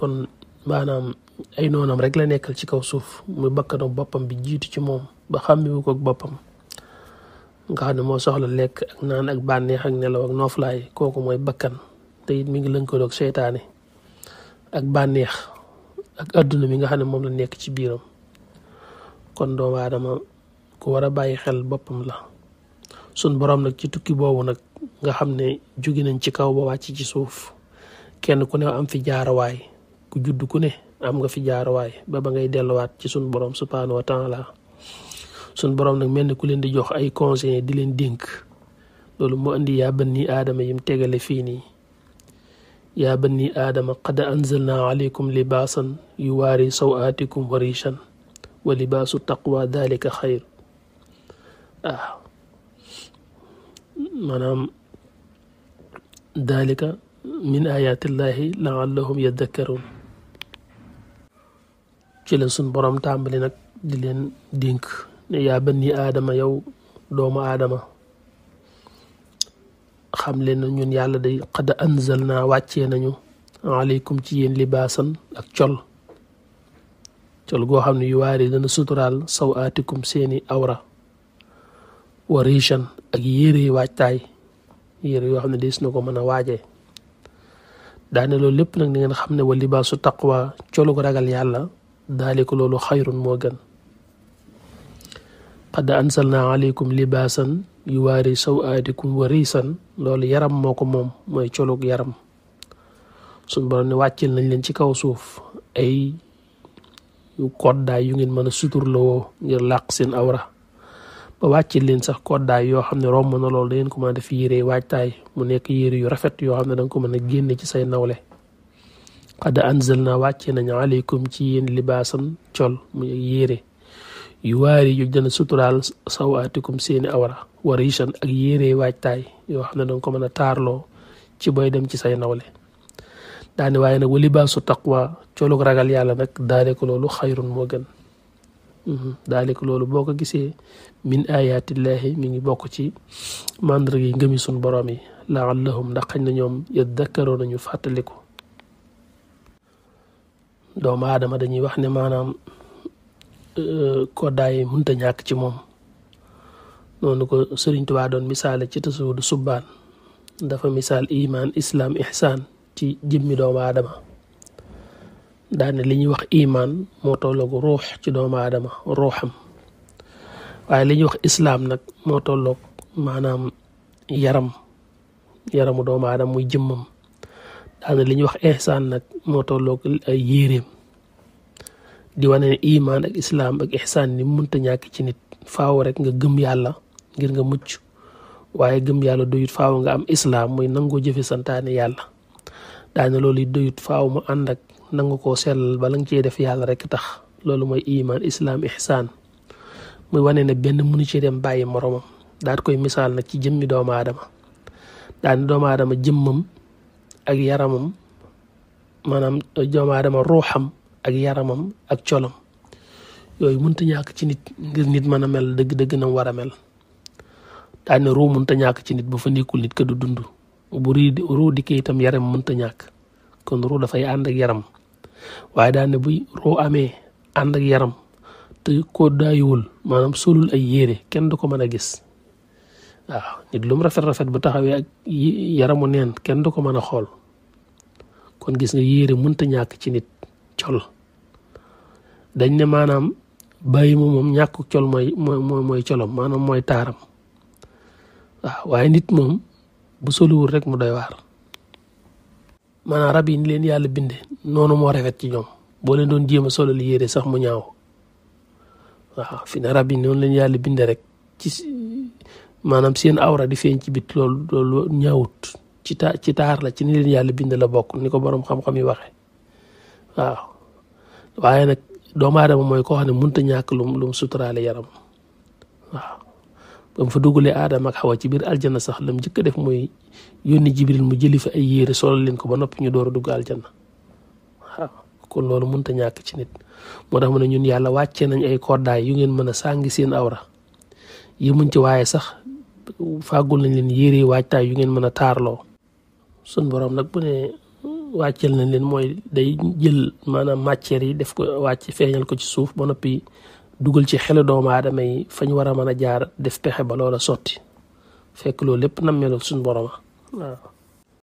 kon maanaam ay noonam rek la nekkal ci kaw suuf muy bakkanam boppam bi jiitu ci moom ba xàmmiwu ko boppam nga xam moo soxla lekk ak naan bànneex ak nelaw ak nooflaay kooku mooy bakkan te it mi ngi lënkaloog seytaane ak bànneex ak adduna mi nga xam ne moom la nekk ci biiram kon doomu aadama ku war a bàyyi xel boppam la sun borom nag ci tukki boobu nag nga xam ne jóge nañ ci kaw ba wàcc ci suuf kenn ku ne am fi jaarawaay ku judd ku ne am nga fi jaar jaaruwaay ba ba ngay delluwaat ci sun borom subhanahu wa taala sun borom nag mel ni ku leen di jox ay conseil di leen dénk loolu moo andi yaa banni aadama yim tegale fii nii yaa banni aadama qad anzalna alaykum libaasan yuwaari sawaatikum wa rishan wa libaasu taqwa dalika xayr waaw maanaam dalika min ayatillahi laallahum yaddakkaroon ci la sun borom tàmbali nag di leen dénk ne yaa bani aadama yow doomu aadama xam leen ñun yàlla day xad anzal naa wàccee nañu aleykum ci yéen libaasan ak col col goo xam ne yu waari dana suturaal saw aatikum seeni awra wa rishan ak yére yi waajtaay yére yoo xam ne des na ko mën a waajee daane loolu lépp nag da ngeen xam ne wa libaasu taqwa ragal yàlla daaliku loolu xayrun moo gën qad ansalna aleykum libaasan yu waari saw aadikum wa riisan loolu yaram moo ko moom mooy colug yaram suñ borom ne wàccil nañ leen ci kaw suuf ay koddaay yu ngeen mën a suturloo ngir làq seen awra ba wàccil leen sax koddaay yoo xam ne romb na loolu da ko mën a def yére waajtaay mu nekk yëre yu rafet yoo xam ne da ko mën a génne ci say nawle qad anzalna wàcce nañu aleykum ci yéen libaasan col mu yére yu waari yu dana suturaal sawaatikum seeni awra wa rishan ak yére waajtaay yoo xam ne danga ko mën a taarloo ci boy dem ci say nawle daane waaye nag wa libaasu taqwa colug ragal yàlla nag daalik loolu xayrun moo gën mhm, daalik loolu boo ko gisee min ayatillahi mi ngi bokk ci mandarga yi ngëmi suñ boroom yi laallahum ndax xañ na ñoom yaddakkaroo nañu fàttaliku doomu aadama dañuy wax ne maanaam euh, koddaay mënta ñàkk ci moom noonu ko Sëriñ Tuubaa doon misaale ci tasawudu subbaan dafa misaal imaan islaam ihsaan ci jëmmi doomu aadama daan li ñuy wax imaan moo tolloog ruux ci doomu aadama ruuxam waaye li ñuy wax islaam nag moo tollook maanaam yaram yaramu doomu aadama muy jëmmam ak li ñuy wax ihsaan nag moo ay yéeréem di wane ne islaam ak ihsaan ñàkk ci nit faaw rek nga gëm yàlla ngir nga mucc waaye gëm yàlla doyut faaw nga am islaam muy nangoo jëfe santaane yàlla daane loolu it doyut mu ànd nangu koo sellal bala nga cee def yàlla rek tax loolu mooy imaan islaam ihsaan muy wane ne benn mënu bàyyi moromam daat koy misaal nag ci jëmmi doomu aadama daane doomu aadama jëmmam ak yaramam maanaam doomu aadama ruuxam ak yaramam ak colam yooyu mënta ñàkk ci nit ngir nit mën a mel dëgg-dëgg na war a mel daañu ne ruu mënta ñàkk ci nit bu fa nit ka du dund bu rii ruu dikkee itam yaram mënta ñàkk kon ruu dafay ànd ak yaram waaye daan ne buy ruu amee ànd ak yaram te ko daayuwul maanaam solul ay yére kenn du ko mën a gis waaw nit lum mu rafet rafet bu taxawee yaramu neen kenn du ko mën a xool. kon gis nga yéere mënta ñàkk ci nit col dañ ne maanaam bàyyi mu moom ñàkk col mooy mooy mooy colom maanaam mooy taaram waaw waaye nit moom bu soluwul rek mu doy waar maanaam rab yi ni leen yàlla binde noonu moo rafet ci ñoom boo leen doon jéem a solal yére sax mu ñaaw waaw fi ne rab yi noonu leen yàlla binde rek ci maanaam seen awra di feeñ ci bit loolu loolu ñaawut ci ta taar la ci ni leen yàlla bind la bokk ni ko borom xam-xam yi waxee waaw waaye nag doomu aadama mooy koo xam ne mënut a ñàkk lu mu lu mu suturaale yaram waaw. ba ci biir aljanna sax lam njëkk a def mooy yónni jibril mu jëli fa ay yére solal leen ko ba noppi ñu door a dugg aljanna waaw loolu mënut a ñàkk ci nit. moo tax mu ne ñun yàlla wàccee nañ ay koddaay yu ngeen mën a sàngi seen awra yemuñ ci waaye sax fàggul nañ leen yére waajtaay yu ngeen mën a taarloo. suñ borom nag bu ne wàcceel nañ leen mooy day jël maanaam matière yi def ko wàcc feeñal ko ci suuf ba noppi dugal ci xelu doomu aadama yi fañ war a mën a jaar def pexe ba loola sotti fekk loolu lépp nammeelul suñ borom